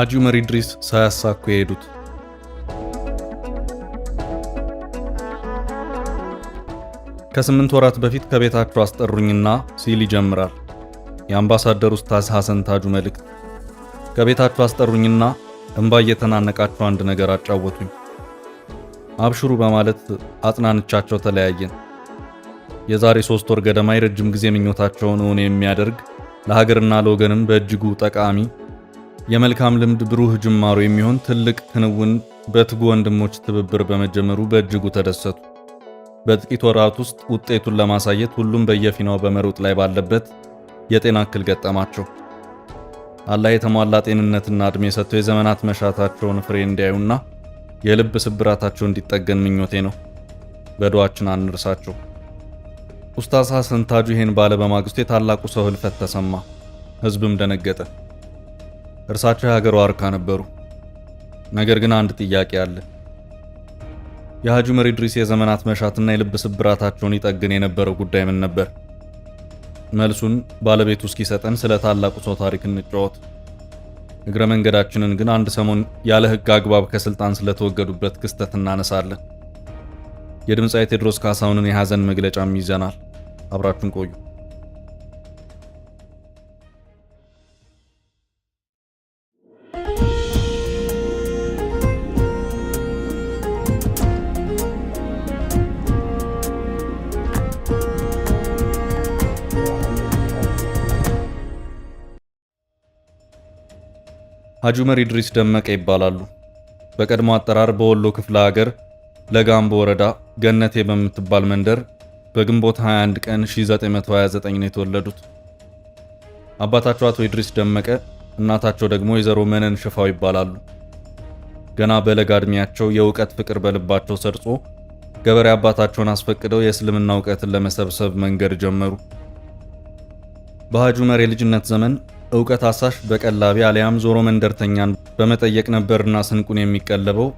ሐጂ ዑመር ኢድሪስ ሳያሳኩ የሄዱት። ከስምንት ወራት በፊት ከቤታቸው አስጠሩኝና ሲል ይጀምራል የአምባሳደር ኡስታዝ ሐሰን ታጁ መልእክት። ከቤታቸው አስጠሩኝና እምባ እየተናነቃቸው አንድ ነገር አጫወቱኝ። አብሽሩ በማለት አጽናንቻቸው ተለያየን። የዛሬ ሶስት ወር ገደማ የረጅም ጊዜ ምኞታቸውን እውን የሚያደርግ ለሀገርና ለወገንም በእጅጉ ጠቃሚ የመልካም ልምድ ብሩህ ጅማሮ የሚሆን ትልቅ ክንውን በትጉ ወንድሞች ትብብር በመጀመሩ በእጅጉ ተደሰቱ። በጥቂት ወራት ውስጥ ውጤቱን ለማሳየት ሁሉም በየፊናው በመሮጥ ላይ ባለበት የጤና እክል ገጠማቸው። አላህ የተሟላ ጤንነትና ዕድሜ ሰጥቶ የዘመናት መሻታቸውን ፍሬ እንዲያዩና የልብ ስብራታቸው እንዲጠገን ምኞቴ ነው። በዱዓችን አንርሳቸው። ኡስታዝ ሐሰን ታጁ ይህን ባለ በማግስቱ የታላቁ ሰው ህልፈት ተሰማ። ህዝብም ደነገጠ። እርሳቸው የሀገሯ ዋርካ ነበሩ። ነገር ግን አንድ ጥያቄ አለ። የሐጂ ዑመር ኢድሪስ የዘመናት መሻትና የልብ ስብራታቸውን ይጠግን የነበረው ጉዳይ ምን ነበር? መልሱን ባለቤቱ እስኪሰጠን ስለ ታላቁ ሰው ታሪክ እንጫወት። እግረ መንገዳችንን ግን አንድ ሰሞን ያለ ሕግ አግባብ ከስልጣን ስለተወገዱበት ክስተት እናነሳለን። የድምፃዊ ቴድሮስ ካሳሁንን የሐዘን መግለጫም ይዘናል። አብራችሁን ቆዩ። ሐጂ ዑመር ኢድሪስ ደመቀ ይባላሉ። በቀድሞ አጠራር በወሎ ክፍለ ሀገር ለጋምቦ ወረዳ ገነቴ በምትባል መንደር በግንቦት 21 ቀን 1929 ነው የተወለዱት። አባታቸው አቶ ኢድሪስ ደመቀ፣ እናታቸው ደግሞ ወይዘሮ መነን ሽፋው ይባላሉ። ገና በለጋ ዕድሜያቸው የእውቀት ፍቅር በልባቸው ሰርጾ ገበሬ አባታቸውን አስፈቅደው የእስልምና እውቀትን ለመሰብሰብ መንገድ ጀመሩ። በሐጂ ዑመር የልጅነት ዘመን እውቀት አሳሽ በቀላቢ አሊያም ዞሮ መንደርተኛን በመጠየቅ ነበርና ስንቁን የሚቀለበው።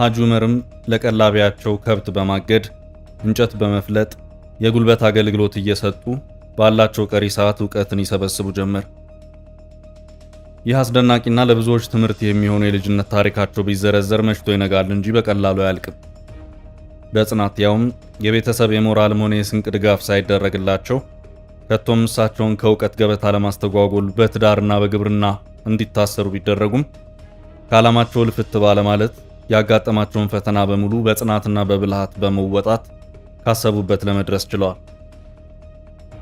ሐጅ ዑመርም ለቀላቢያቸው ከብት በማገድ እንጨት በመፍለጥ የጉልበት አገልግሎት እየሰጡ ባላቸው ቀሪ ሰዓት እውቀትን ይሰበስቡ ጀመር። ይህ አስደናቂና ለብዙዎች ትምህርት የሚሆኑ የልጅነት ታሪካቸው ቢዘረዘር መሽቶ ይነጋል እንጂ በቀላሉ አያልቅም። በጽናት ያውም የቤተሰብ የሞራልም ሆነ የስንቅ ድጋፍ ሳይደረግላቸው ከቶም እሳቸውን ከእውቀት ገበታ ለማስተጓጎል በትዳርና በግብርና እንዲታሰሩ ቢደረጉም ከዓላማቸው ልፍት ባለማለት ያጋጠማቸውን ፈተና በሙሉ በጽናትና በብልሃት በመወጣት ካሰቡበት ለመድረስ ችለዋል።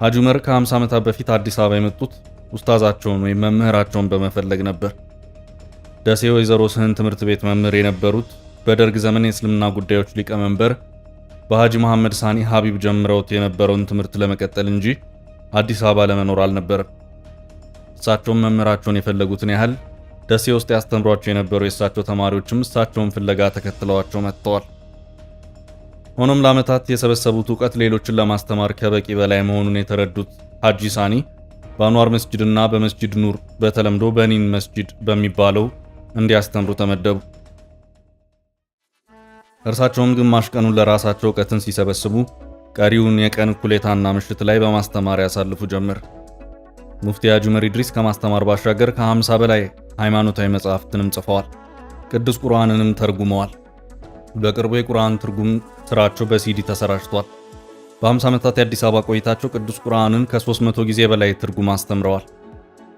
ሐጂ ዑመር ከ50 ዓመታት በፊት አዲስ አበባ የመጡት ኡስታዛቸውን ወይም መምህራቸውን በመፈለግ ነበር። ደሴ ወይዘሮ ስህን ትምህርት ቤት መምህር የነበሩት በደርግ ዘመን የእስልምና ጉዳዮች ሊቀመንበር በሐጂ መሐመድ ሳኒ ሀቢብ ጀምረውት የነበረውን ትምህርት ለመቀጠል እንጂ አዲስ አበባ ለመኖር አልነበረም። እሳቸውም መምህራቸውን የፈለጉትን ያህል ደሴ ውስጥ ያስተምሯቸው የነበሩ የእሳቸው ተማሪዎችም እሳቸውን ፍለጋ ተከትለዋቸው መጥተዋል። ሆኖም ለዓመታት የሰበሰቡት እውቀት ሌሎችን ለማስተማር ከበቂ በላይ መሆኑን የተረዱት ሐጂ ሳኒ በአንዋር መስጅድና በመስጅድ ኑር በተለምዶ በኒን መስጂድ በሚባለው እንዲያስተምሩ ተመደቡ። እርሳቸውም ግማሽ ቀኑን ለራሳቸው እውቀትን ሲሰበስቡ ቀሪውን የቀን እኩሌታና ምሽት ላይ በማስተማር ያሳልፉ ጀመር። ሙፍቲ ሐጂ ዑመር ኢድሪስ ከማስተማር ባሻገር ከ50 በላይ ሃይማኖታዊ መጽሐፍትንም ጽፈዋል። ቅዱስ ቁርአንንም ተርጉመዋል። በቅርቡ የቁርአን ትርጉም ስራቸው በሲዲ ተሰራጭቷል። በ50 ዓመታት የአዲስ አበባ ቆይታቸው ቅዱስ ቁርአንን ከ300 ጊዜ በላይ ትርጉም አስተምረዋል።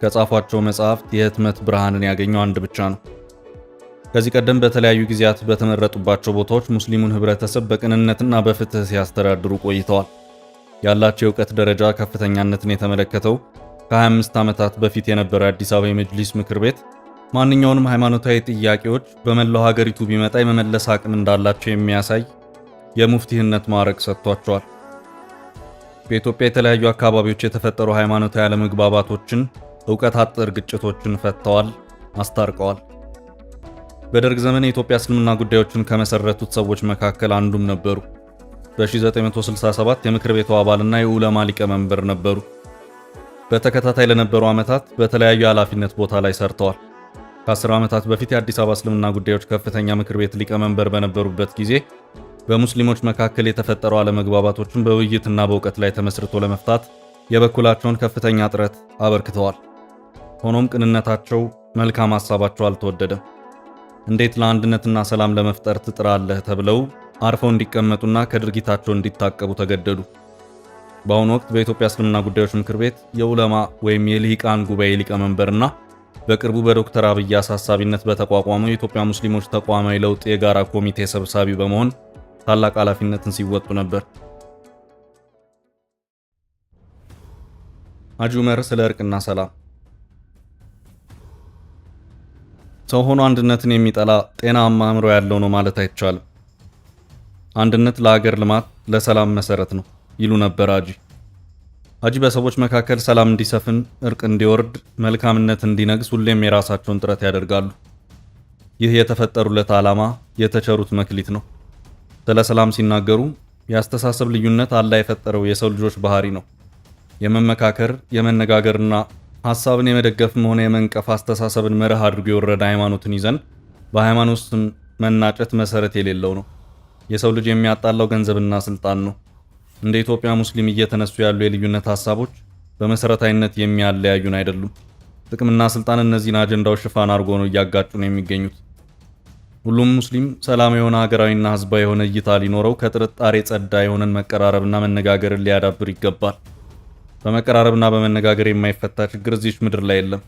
ከጻፏቸው መጽሐፍት የህትመት ብርሃንን ያገኘው አንድ ብቻ ነው። ከዚህ ቀደም በተለያዩ ጊዜያት በተመረጡባቸው ቦታዎች ሙስሊሙን ህብረተሰብ በቅንነትና በፍትህ ሲያስተዳድሩ ቆይተዋል። ያላቸው የእውቀት ደረጃ ከፍተኛነትን የተመለከተው ከ25 ዓመታት በፊት የነበረ አዲስ አበባ የመጅሊስ ምክር ቤት ማንኛውንም ሃይማኖታዊ ጥያቄዎች በመላው ሀገሪቱ ቢመጣ የመመለስ አቅም እንዳላቸው የሚያሳይ የሙፍቲህነት ማዕረግ ሰጥቷቸዋል። በኢትዮጵያ የተለያዩ አካባቢዎች የተፈጠሩ ሃይማኖታዊ አለመግባባቶችን፣ እውቀት አጥር ግጭቶችን ፈትተዋል፣ አስታርቀዋል። በደርግ ዘመን የኢትዮጵያ እስልምና ጉዳዮችን ከመሰረቱት ሰዎች መካከል አንዱም ነበሩ። በ1967 የምክር ቤቱ አባልና የዑለማ ሊቀመንበር ነበሩ። በተከታታይ ለነበሩ ዓመታት በተለያዩ የኃላፊነት ቦታ ላይ ሰርተዋል። ከ10 ዓመታት በፊት የአዲስ አበባ እስልምና ጉዳዮች ከፍተኛ ምክር ቤት ሊቀመንበር በነበሩበት ጊዜ በሙስሊሞች መካከል የተፈጠሩ አለመግባባቶችን በውይይትና በእውቀት ላይ ተመስርቶ ለመፍታት የበኩላቸውን ከፍተኛ ጥረት አበርክተዋል። ሆኖም ቅንነታቸው፣ መልካም ሐሳባቸው አልተወደደም። እንዴት ለአንድነትና ሰላም ለመፍጠር ትጥራለህ ተብለው አርፈው እንዲቀመጡና ከድርጊታቸው እንዲታቀቡ ተገደዱ። በአሁኑ ወቅት በኢትዮጵያ እስልምና ጉዳዮች ምክር ቤት የዑለማ ወይም የልሂቃን ጉባኤ ሊቀመንበርና በቅርቡ በዶክተር አብይ አሳሳቢነት በተቋቋመው የኢትዮጵያ ሙስሊሞች ተቋማዊ ለውጥ የጋራ ኮሚቴ ሰብሳቢ በመሆን ታላቅ ኃላፊነትን ሲወጡ ነበር። ሐጂ ዑመር ስለ እርቅና ሰላም ሰው ሆኖ አንድነትን የሚጠላ ጤናማ አእምሮ ያለው ነው ማለት አይቻልም። አንድነት ለሀገር ልማት፣ ለሰላም መሰረት ነው ይሉ ነበር አጂ። አጂ በሰዎች መካከል ሰላም እንዲሰፍን፣ እርቅ እንዲወርድ፣ መልካምነት እንዲነግስ ሁሌም የራሳቸውን ጥረት ያደርጋሉ። ይህ የተፈጠሩለት ዓላማ የተቸሩት መክሊት ነው። ስለ ሰላም ሲናገሩ የአስተሳሰብ ልዩነት አላህ የፈጠረው የሰው ልጆች ባህሪ ነው። የመመካከር የመነጋገርና ሀሳብን የመደገፍም ሆነ የመንቀፍ አስተሳሰብን መርህ አድርጎ የወረደ ሃይማኖትን ይዘን በሃይማኖት መናጨት መሰረት የሌለው ነው። የሰው ልጅ የሚያጣላው ገንዘብና ስልጣን ነው። እንደ ኢትዮጵያ ሙስሊም እየተነሱ ያሉ የልዩነት ሀሳቦች በመሰረታዊነት የሚያለያዩን አይደሉም። ጥቅምና ስልጣን እነዚህን አጀንዳዎች ሽፋን አድርጎ ነው እያጋጩ ነው የሚገኙት። ሁሉም ሙስሊም ሰላም የሆነ ሀገራዊና ህዝባዊ የሆነ እይታ ሊኖረው ከጥርጣሬ ጸዳ የሆነን መቀራረብና መነጋገርን ሊያዳብር ይገባል። በመቀራረብና በመነጋገር የማይፈታ ችግር እዚች ምድር ላይ የለም።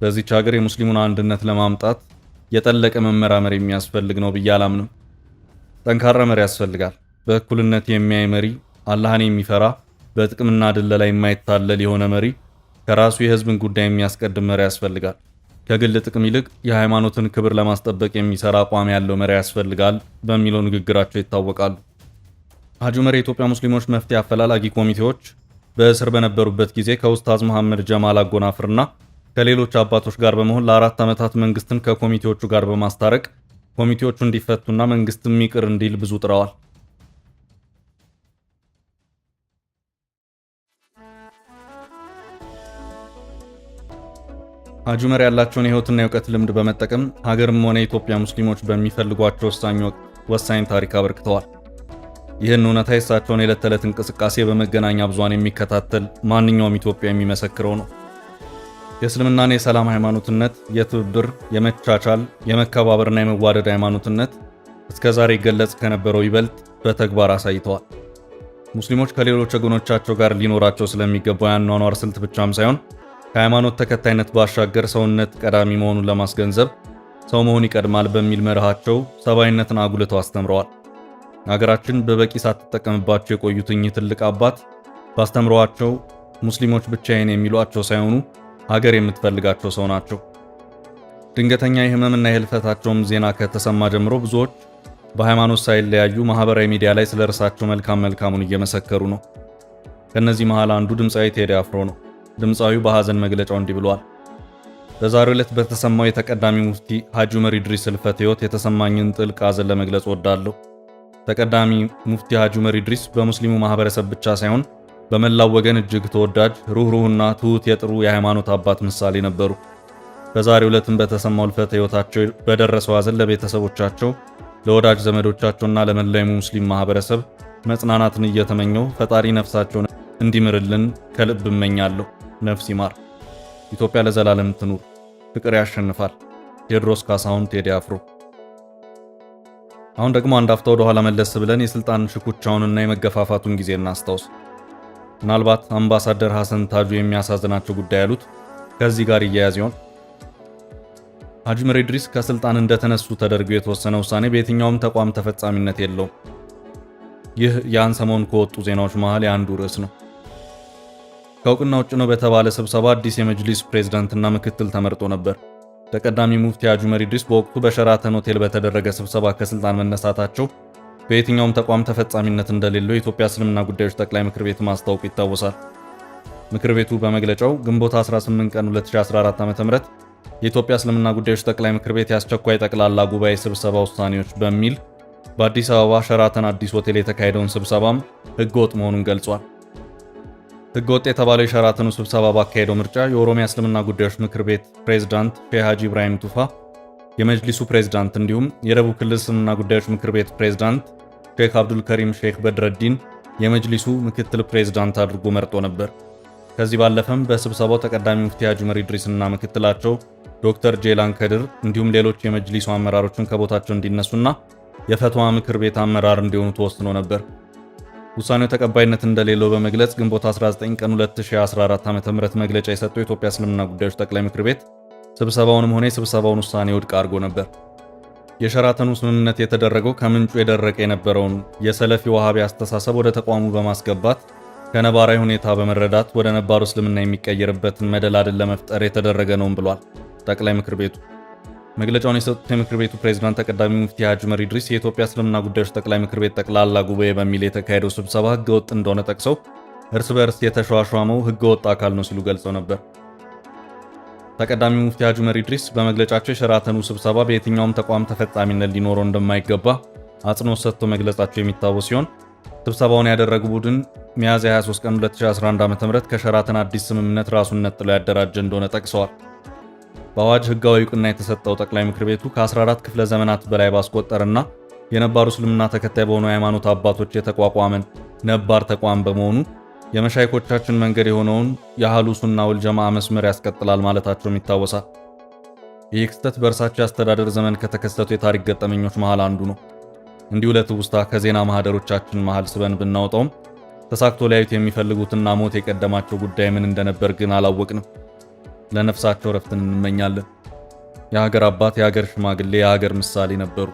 በዚች ሀገር የሙስሊሙን አንድነት ለማምጣት የጠለቀ መመራመር የሚያስፈልግ ነው ብዬ አላምንም። ጠንካራ መሪ ያስፈልጋል። በእኩልነት የሚያይ መሪ፣ አላህን የሚፈራ በጥቅምና ላይ የማይታለል የሆነ መሪ፣ ከራሱ የህዝብን ጉዳይ የሚያስቀድም መሪ ያስፈልጋል። ከግል ጥቅም ይልቅ የሃይማኖትን ክብር ለማስጠበቅ የሚሰራ አቋም ያለው መሪ ያስፈልጋል በሚለው ንግግራቸው ይታወቃሉ። ሀጂ ዑመር የኢትዮጵያ ሙስሊሞች መፍትሄ አፈላላጊ ኮሚቴዎች በእስር በነበሩበት ጊዜ ከኡስታዝ መሐመድ ጀማል አጎናፍርና ከሌሎች አባቶች ጋር በመሆን ለአራት ዓመታት መንግስትን ከኮሚቴዎቹ ጋር በማስታረቅ ኮሚቴዎቹ እንዲፈቱና መንግስትም ይቅር እንዲል ብዙ ጥረዋል። ሀጂ ዑመር ያላቸውን የህይወትና የእውቀት ልምድ በመጠቀም ሀገርም ሆነ የኢትዮጵያ ሙስሊሞች በሚፈልጓቸው ወሳኝ ታሪክ አበርክተዋል። ይህን እውነታ የሳቸውን የዕለት ተዕለት እንቅስቃሴ በመገናኛ ብዙሃን የሚከታተል ማንኛውም ኢትዮጵያ የሚመሰክረው ነው። የእስልምናና የሰላም ሃይማኖትነት የትብብር፣ የመቻቻል፣ የመከባበርና የመዋደድ ሃይማኖትነት እስከ ዛሬ ይገለጽ ከነበረው ይበልጥ በተግባር አሳይተዋል። ሙስሊሞች ከሌሎች ወገኖቻቸው ጋር ሊኖራቸው ስለሚገባው የአኗኗር ስልት ብቻም ሳይሆን ከሃይማኖት ተከታይነት ባሻገር ሰውነት ቀዳሚ መሆኑን ለማስገንዘብ ሰው መሆን ይቀድማል በሚል መርሃቸው ሰብአዊነትን አጉልተው አስተምረዋል። አገራችን በበቂ ሳትጠቀምባቸው የቆዩት እኚህ ትልቅ አባት ባስተምረዋቸው ሙስሊሞች ብቻዬን የሚሏቸው ሳይሆኑ ሀገር የምትፈልጋቸው ሰው ናቸው። ድንገተኛ የህመምና የህልፈታቸውም ዜና ከተሰማ ጀምሮ ብዙዎች በሃይማኖት ሳይለያዩ ማህበራዊ ሚዲያ ላይ ስለ እርሳቸው መልካም መልካሙን እየመሰከሩ ነው። ከእነዚህ መሃል አንዱ ድምፃዊ ቴዲ አፍሮ ነው። ድምፃዊው በሐዘን መግለጫው እንዲህ ብሏል። በዛሬው ዕለት በተሰማው የተቀዳሚ ሙፍቲ ሐጂ ዑመር ኢድሪስ ህልፈት ህይወት የተሰማኝን ጥልቅ ሐዘን ለመግለጽ ወዳለሁ። ተቀዳሚ ሙፍቲ ሀጂ ዑመር ኢድሪስ በሙስሊሙ ማህበረሰብ ብቻ ሳይሆን በመላው ወገን እጅግ ተወዳጅ ሩህሩህና ትሑት የጥሩ የሃይማኖት አባት ምሳሌ ነበሩ። በዛሬ ዕለትም በተሰማው ልፈት ሕይወታቸው በደረሰው ሐዘን ለቤተሰቦቻቸው፣ ለወዳጅ ዘመዶቻቸውና ለመላው ሙስሊም ማህበረሰብ መጽናናትን እየተመኘው ፈጣሪ ነፍሳቸውን እንዲምርልን ከልብ እመኛለሁ። ነፍስ ይማር። ኢትዮጵያ ለዘላለም ትኑር። ፍቅር ያሸንፋል። ቴድሮስ ካሳሁን ቴዲ አፍሮ አሁን ደግሞ አንድ አፍታ ወደ ኋላ መለስ ብለን የስልጣን ሽኩቻውንና የመገፋፋቱን ጊዜ እናስታውስ። ምናልባት አምባሳደር ሐሰን ታጁ የሚያሳዝናቸው ጉዳይ ያሉት ከዚህ ጋር እያያዝ ይሆን? ሐጂ ኢድሪስ ከስልጣን እንደተነሱ ተደርገው የተወሰነ ውሳኔ በየትኛውም ተቋም ተፈጻሚነት የለውም። ይህ ያን ሰሞን ከወጡ ዜናዎች መሃል የአንዱ ርዕስ ነው። ከእውቅና ውጭ ነው በተባለ ስብሰባ አዲስ የመጅሊስ ፕሬዝዳንትና ምክትል ተመርጦ ነበር። ተቀዳሚ ሙፍቲ ሐጂ ዑመር ኢድሪስ በወቅቱ በሸራተን ሆቴል በተደረገ ስብሰባ ከስልጣን መነሳታቸው በየትኛውም ተቋም ተፈጻሚነት እንደሌለው የኢትዮጵያ እስልምና ጉዳዮች ጠቅላይ ምክር ቤት ማስታወቁ ይታወሳል። ምክር ቤቱ በመግለጫው ግንቦት 18 ቀን 2014 ዓ.ም የኢትዮጵያ እስልምና ጉዳዮች ጠቅላይ ምክር ቤት የአስቸኳይ ጠቅላላ ጉባኤ ስብሰባ ውሳኔዎች በሚል በአዲስ አበባ ሸራተን አዲስ ሆቴል የተካሄደውን ስብሰባም ሕገወጥ መሆኑን ገልጿል። ህገወጥ የተባለ የሸራተኑ ስብሰባ ባካሄደው ምርጫ የኦሮሚያ እስልምና ጉዳዮች ምክር ቤት ፕሬዝዳንት ሼህ ሀጂ ኢብራሂም ቱፋ፣ የመጅሊሱ ፕሬዝዳንት እንዲሁም የደቡብ ክልል እስልምና ጉዳዮች ምክር ቤት ፕሬዝዳንት ሼክ አብዱልከሪም ሼክ በድረዲን የመጅሊሱ ምክትል ፕሬዝዳንት አድርጎ መርጦ ነበር። ከዚህ ባለፈም በስብሰባው ተቀዳሚ ሙፍቲ ሀጂ ዑመር ኢድሪስና ምክትላቸው ዶክተር ጄላን ከድር እንዲሁም ሌሎች የመጅሊሱ አመራሮችን ከቦታቸው እንዲነሱና የፈትዋ ምክር ቤት አመራር እንዲሆኑ ተወስኖ ነበር። ውሳኔው ተቀባይነት እንደሌለው በመግለጽ ግንቦት 19 ቀን 2014 ዓ ም መግለጫ የሰጠው የኢትዮጵያ እስልምና ጉዳዮች ጠቅላይ ምክር ቤት ስብሰባውንም ሆነ የስብሰባውን ውሳኔ ውድቅ አድርጎ ነበር። የሸራተኑ ስምምነት የተደረገው ከምንጩ የደረቀ የነበረውን የሰለፊ ዋሃቢ አስተሳሰብ ወደ ተቋሙ በማስገባት ከነባራዊ ሁኔታ በመረዳት ወደ ነባሩ እስልምና የሚቀየርበትን መደላድል ለመፍጠር የተደረገ ነውም ብሏል ጠቅላይ ምክር ቤቱ። መግለጫውን የሰጡት የምክር ቤቱ ፕሬዝዳንት ተቀዳሚ ሙፍቲ ሀጅ ዑመር ኢድሪስ የኢትዮጵያ እስልምና ጉዳዮች ጠቅላይ ምክር ቤት ጠቅላላ ጉባኤ በሚል የተካሄደው ስብሰባ ህገወጥ እንደሆነ ጠቅሰው እርስ በእርስ የተሿሿመው ህገወጥ አካል ነው ሲሉ ገልጸው ነበር። ተቀዳሚ ሙፍቲ ሀጅ ዑመር ኢድሪስ በመግለጫቸው የሸራተኑ ስብሰባ በየትኛውም ተቋም ተፈጻሚነት ሊኖረው እንደማይገባ አጽንኦት ሰጥቶ መግለጻቸው የሚታወስ ሲሆን ስብሰባውን ያደረጉ ቡድን ሚያዝያ 23 ቀን 2011 ዓ.ም ከሸራተን አዲስ ስምምነት ራሱን ነጥሎ ያደራጀ እንደሆነ ጠቅሰዋል። በአዋጅ ህጋዊ እውቅና የተሰጠው ጠቅላይ ምክር ቤቱ ከ14 ክፍለ ዘመናት በላይ ባስቆጠርና የነባሩ እስልምና ተከታይ በሆኑ ሃይማኖት አባቶች የተቋቋመን ነባር ተቋም በመሆኑ የመሻይኮቻችን መንገድ የሆነውን የአህሉ ሱና ወልጀማ መስመር ያስቀጥላል ማለታቸውም ይታወሳል። ይህ ክስተት በእርሳቸው የአስተዳደር ዘመን ከተከሰቱ የታሪክ ገጠመኞች መሃል አንዱ ነው። እንዲሁ ለትውስታ ከዜና ማህደሮቻችን መሃል ስበን ብናወጣውም ተሳክቶ ሊያዩት የሚፈልጉትና ሞት የቀደማቸው ጉዳይ ምን እንደነበር ግን አላወቅንም። ለነፍሳቸው ረፍትን እንመኛለን። የሀገር አባት፣ የሀገር ሽማግሌ፣ የሀገር ምሳሌ ነበሩ።